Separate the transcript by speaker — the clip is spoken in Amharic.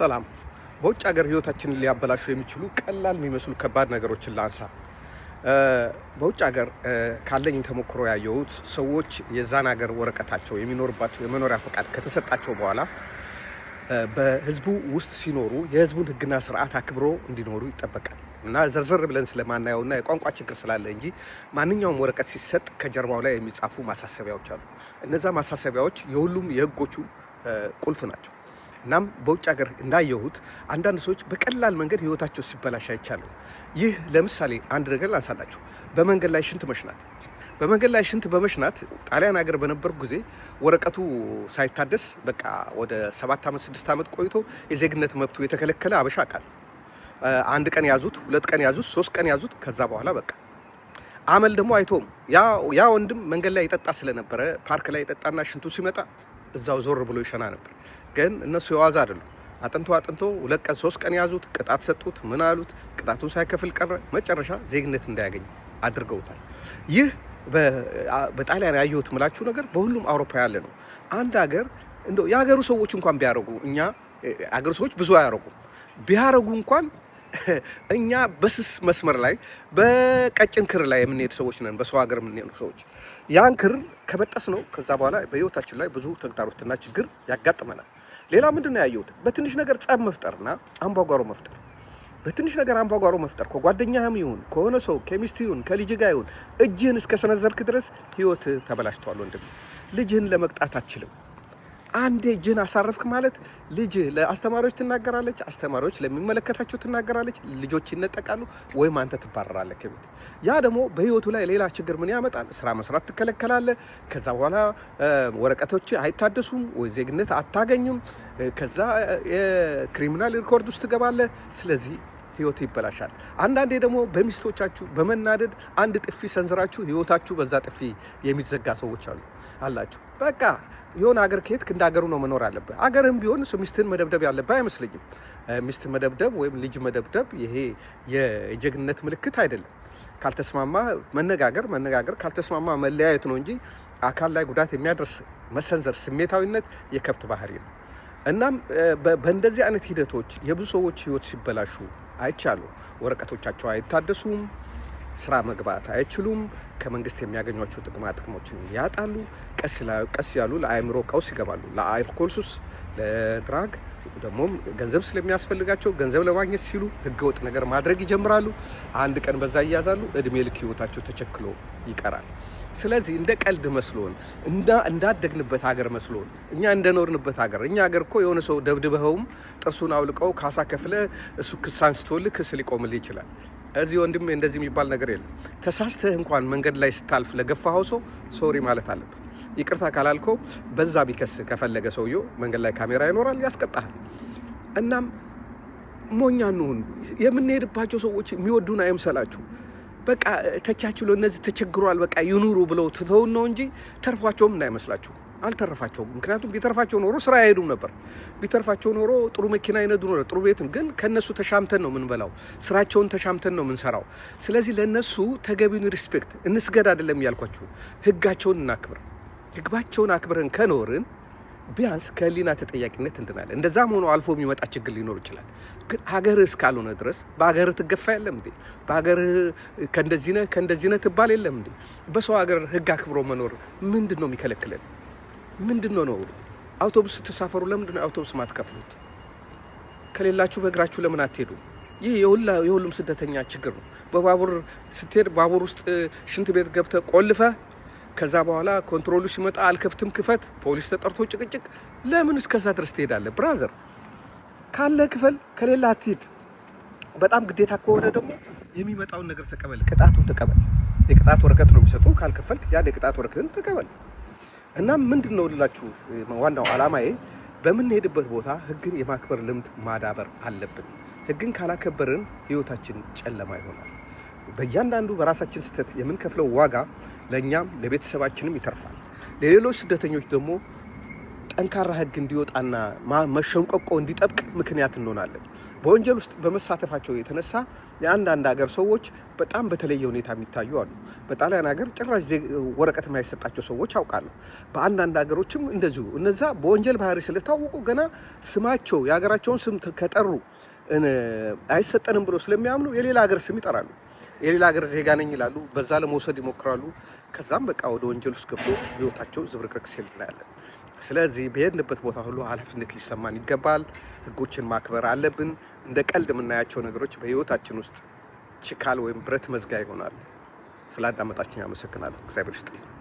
Speaker 1: ሰላም። በውጭ ሀገር ህይወታችንን ሊያበላሹ የሚችሉ ቀላል የሚመስሉ ከባድ ነገሮችን ላንሳ። በውጭ ሀገር ካለኝ ተሞክሮ ያየሁት ሰዎች የዛን ሀገር ወረቀታቸው የሚኖርባቸው የመኖሪያ ፈቃድ ከተሰጣቸው በኋላ በህዝቡ ውስጥ ሲኖሩ የህዝቡን ህግና ስርዓት አክብሮ እንዲኖሩ ይጠበቃል እና ዘርዘር ብለን ስለማናየው እና የቋንቋ ችግር ስላለ እንጂ ማንኛውም ወረቀት ሲሰጥ ከጀርባው ላይ የሚጻፉ ማሳሰቢያዎች አሉ። እነዛ ማሳሰቢያዎች የሁሉም የህጎቹ ቁልፍ ናቸው። እናም በውጭ ሀገር እንዳየሁት አንዳንድ ሰዎች በቀላል መንገድ ህይወታቸው ሲበላሽ አይቻለሁ። ይህ ለምሳሌ አንድ ነገር ላንሳላችሁ። በመንገድ ላይ ሽንት መሽናት በመንገድ ላይ ሽንት በመሽናት ጣሊያን ሀገር በነበርኩ ጊዜ ወረቀቱ ሳይታደስ በቃ ወደ ሰባት ዓመት ስድስት ዓመት ቆይቶ የዜግነት መብቱ የተከለከለ አበሻ አውቃለሁ። አንድ ቀን ያዙት፣ ሁለት ቀን ያዙት፣ ሶስት ቀን ያዙት። ከዛ በኋላ በቃ አመል ደግሞ አይቶም ያ ወንድም መንገድ ላይ የጠጣ ስለነበረ ፓርክ ላይ የጠጣና ሽንቱ ሲመጣ እዛው ዞር ብሎ ይሸና ነበር። ግን እነሱ የዋዝ አይደሉም። አጥንቶ አጥንቶ ሁለት ቀን ሶስት ቀን ያዙት፣ ቅጣት ሰጡት፣ ምን አሉት፣ ቅጣቱን ሳይከፍል ቀረ። መጨረሻ ዜግነት እንዳያገኝ አድርገውታል። ይህ በጣሊያን ያየሁት ምላችሁ ነገር በሁሉም አውሮፓ ያለ ነው። አንድ ሀገር እንደው የሀገሩ ሰዎች እንኳን ቢያደርጉ እኛ አገሩ ሰዎች ብዙ አያደርጉም። ቢያደርጉ እንኳን እኛ በስስ መስመር ላይ በቀጭን ክር ላይ የምንሄድ ሰዎች ነን። በሰው ሀገር የምንሄዱ ሰዎች ያን ክር ከበጠስ ነው ከዛ በኋላ በህይወታችን ላይ ብዙ ተግዳሮትና ችግር ያጋጥመናል። ሌላ ምንድን ነው ያየሁት? በትንሽ ነገር ጸብ መፍጠርና አምባጓሮ መፍጠር በትንሽ ነገር አምባጓሮ መፍጠር ከጓደኛህም ይሁን ከሆነ ሰው ኬሚስትሪ ይሁን ከልጅ ጋር ይሁን እጅህን እስከ ሰነዘርክ ድረስ ህይወት ተበላሽቷል። ወንድም ልጅህን ለመቅጣት አትችልም። አንዴ እጅን አሳረፍክ ማለት ልጅ ለአስተማሪዎች ትናገራለች፣ አስተማሪዎች ለሚመለከታቸው ትናገራለች፣ ልጆች ይነጠቃሉ፣ ወይም አንተ ትባረራለህ ከቤት። ያ ደግሞ በህይወቱ ላይ ሌላ ችግር ምን ያመጣል? ስራ መስራት ትከለከላለህ። ከዛ በኋላ ወረቀቶች አይታደሱም፣ ወይ ዜግነት አታገኝም። ከዛ የክሪሚናል ሪኮርድ ውስጥ ትገባለህ። ስለዚህ ህይወት ይበላሻል። አንዳንዴ ደግሞ በሚስቶቻችሁ በመናደድ አንድ ጥፊ ሰንዝራችሁ ህይወታችሁ በዛ ጥፊ የሚዘጋ ሰዎች አሉ አላችሁ በቃ የሆነ ሀገር ከሄድክ እንደ አገሩ ነው መኖር አለብህ። አገርም ቢሆን እሱ ሚስትህን መደብደብ ያለብህ አይመስለኝም። ሚስት መደብደብ ወይም ልጅ መደብደብ ይሄ የጀግንነት ምልክት አይደለም። ካልተስማማ መነጋገር መነጋገር ካልተስማማ መለያየት ነው እንጂ አካል ላይ ጉዳት የሚያደርስ መሰንዘር፣ ስሜታዊነት የከብት ባህሪ ነው። እናም በእንደዚህ አይነት ሂደቶች የብዙ ሰዎች ህይወት ሲበላሹ አይቻሉ። ወረቀቶቻቸው አይታደሱም። ስራ መግባት አይችሉም። ከመንግስት የሚያገኟቸው ጥቅማ ጥቅሞችን ያጣሉ። ቀስ ያሉ ለአእምሮ ቀውስ ይገባሉ። ለአልኮል ሱስ፣ ለድራግ ደግሞም ገንዘብ ስለሚያስፈልጋቸው ገንዘብ ለማግኘት ሲሉ ህገወጥ ነገር ማድረግ ይጀምራሉ። አንድ ቀን በዛ ይያዛሉ። እድሜ ልክ ህይወታቸው ተቸክሎ ይቀራል። ስለዚህ እንደ ቀልድ መስሎን እንዳደግንበት ሀገር መስሎን እኛ እንደኖርንበት ሀገር እኛ ሀገር እኮ የሆነ ሰው ደብድበኸውም ጥርሱን አውልቀው ካሳ ከፍለ እሱ ክስ አንስቶልህ ክስ ሊቆምልህ ይችላል። እዚህ ወንድም እንደዚህ የሚባል ነገር የለም። ተሳስተህ እንኳን መንገድ ላይ ስታልፍ ለገፋኸው ሰው ሶሪ ማለት አለብህ። ይቅርታ ካላልከው በዛ ቢከስ ከፈለገ ሰውየው መንገድ ላይ ካሜራ ይኖራል፣ ያስቀጣል። እናም ሞኛ እንሁን። የምንሄድባቸው ሰዎች የሚወዱን አይምሰላችሁ። በቃ ተቻችሎ እነዚህ ተቸግሯል፣ በቃ ይኑሩ ብለው ትተውን ነው እንጂ ተርፏቸውም እንዳይመስላችሁ። አልተረፋቸውም። ምክንያቱም ቢተርፋቸው ኖሮ ስራ አይሄዱም ነበር። ቢተርፋቸው ኖሮ ጥሩ መኪና ይነዱ ኖረ፣ ጥሩ ቤትም። ግን ከነሱ ተሻምተን ነው የምንበላው፣ ስራቸውን ተሻምተን ነው የምንሰራው። ስለዚህ ለነሱ ተገቢውን ሪስፔክት እንስገድ አይደለም ያልኳቸው፣ ህጋቸውን እናክብር። ህግባቸውን አክብረን ከኖርን ቢያንስ ከህሊና ተጠያቂነት እንድናለን። እንደዛም ሆኖ አልፎ የሚመጣ ችግር ሊኖር ይችላል። ግን ሀገርህ እስካልሆነ ድረስ በሀገርህ ትገፋ የለም እንዴ? በሀገርህ ከእንደዚህ ነህ ከእንደዚህ ነህ ትባል የለም እንዴ? በሰው ሀገር ህግ አክብሮ መኖር ምንድን ነው የሚከለክለን? ምንድን ነው ነው አውቶቡስ ስትሳፈሩ ለምንድን ነው አውቶቡስ ማትከፍሉት? ከሌላችሁ በእግራችሁ ለምን አትሄዱ? ይህ የሁሉም ስደተኛ ችግር ነው። በባቡር ስትሄድ ባቡር ውስጥ ሽንት ቤት ገብተ ቆልፈ ከዛ በኋላ ኮንትሮሉ ሲመጣ አልከፍትም ክፈት፣ ፖሊስ ተጠርቶ ጭቅጭቅ። ለምን እስከዛ ድረስ ትሄዳለ? ብራዘር ካለ ክፈል፣ ከሌላ አትሄድ። በጣም ግዴታ ከሆነ ደግሞ የሚመጣውን ነገር ተቀበል፣ ቅጣቱን ተቀበል። የቅጣት ወረቀት ነው የሚሰጡ። ካልከፈልክ ያን የቅጣት ወረቀትን ተቀበል። እና ምንድን ነው ልላችሁ ዋናው አላማዬ በምንሄድበት ቦታ ህግን የማክበር ልምድ ማዳበር አለብን። ህግን ካላከበርን ህይወታችን ጨለማ ይሆናል። በእያንዳንዱ በራሳችን ስህተት የምንከፍለው ዋጋ ለእኛም ለቤተሰባችንም ይተርፋል። ለሌሎች ስደተኞች ደግሞ ጠንካራ ህግ እንዲወጣና መሸንቆቆ እንዲጠብቅ ምክንያት እንሆናለን። በወንጀል ውስጥ በመሳተፋቸው የተነሳ የአንዳንድ ሀገር ሰዎች በጣም በተለየ ሁኔታ የሚታዩ አሉ። በጣሊያን ሀገር ጭራሽ ወረቀት የማይሰጣቸው ሰዎች አውቃለሁ። በአንዳንድ ሀገሮችም እንደዚሁ እነዛ በወንጀል ባህሪ ስለታወቁ ገና ስማቸው የሀገራቸውን ስም ከጠሩ አይሰጠንም ብሎ ስለሚያምኑ የሌላ ሀገር ስም ይጠራሉ። የሌላ ሀገር ዜጋ ነኝ ይላሉ። በዛ ለመውሰድ ይሞክራሉ። ከዛም በቃ ወደ ወንጀል ውስጥ ገብቶ ህይወታቸው ዝብርቅርቅ ሲል እናያለን። ስለዚህ በሄድንበት ቦታ ሁሉ ኃላፊነት ሊሰማን ይገባል። ህጎችን ማክበር አለብን። እንደ ቀልድ የምናያቸው ነገሮች በህይወታችን ውስጥ ችካል ወይም ብረት መዝጋ ይሆናል። ስላዳመጣችን አመሰግናለሁ። እግዚአብሔር ይስጥልኝ።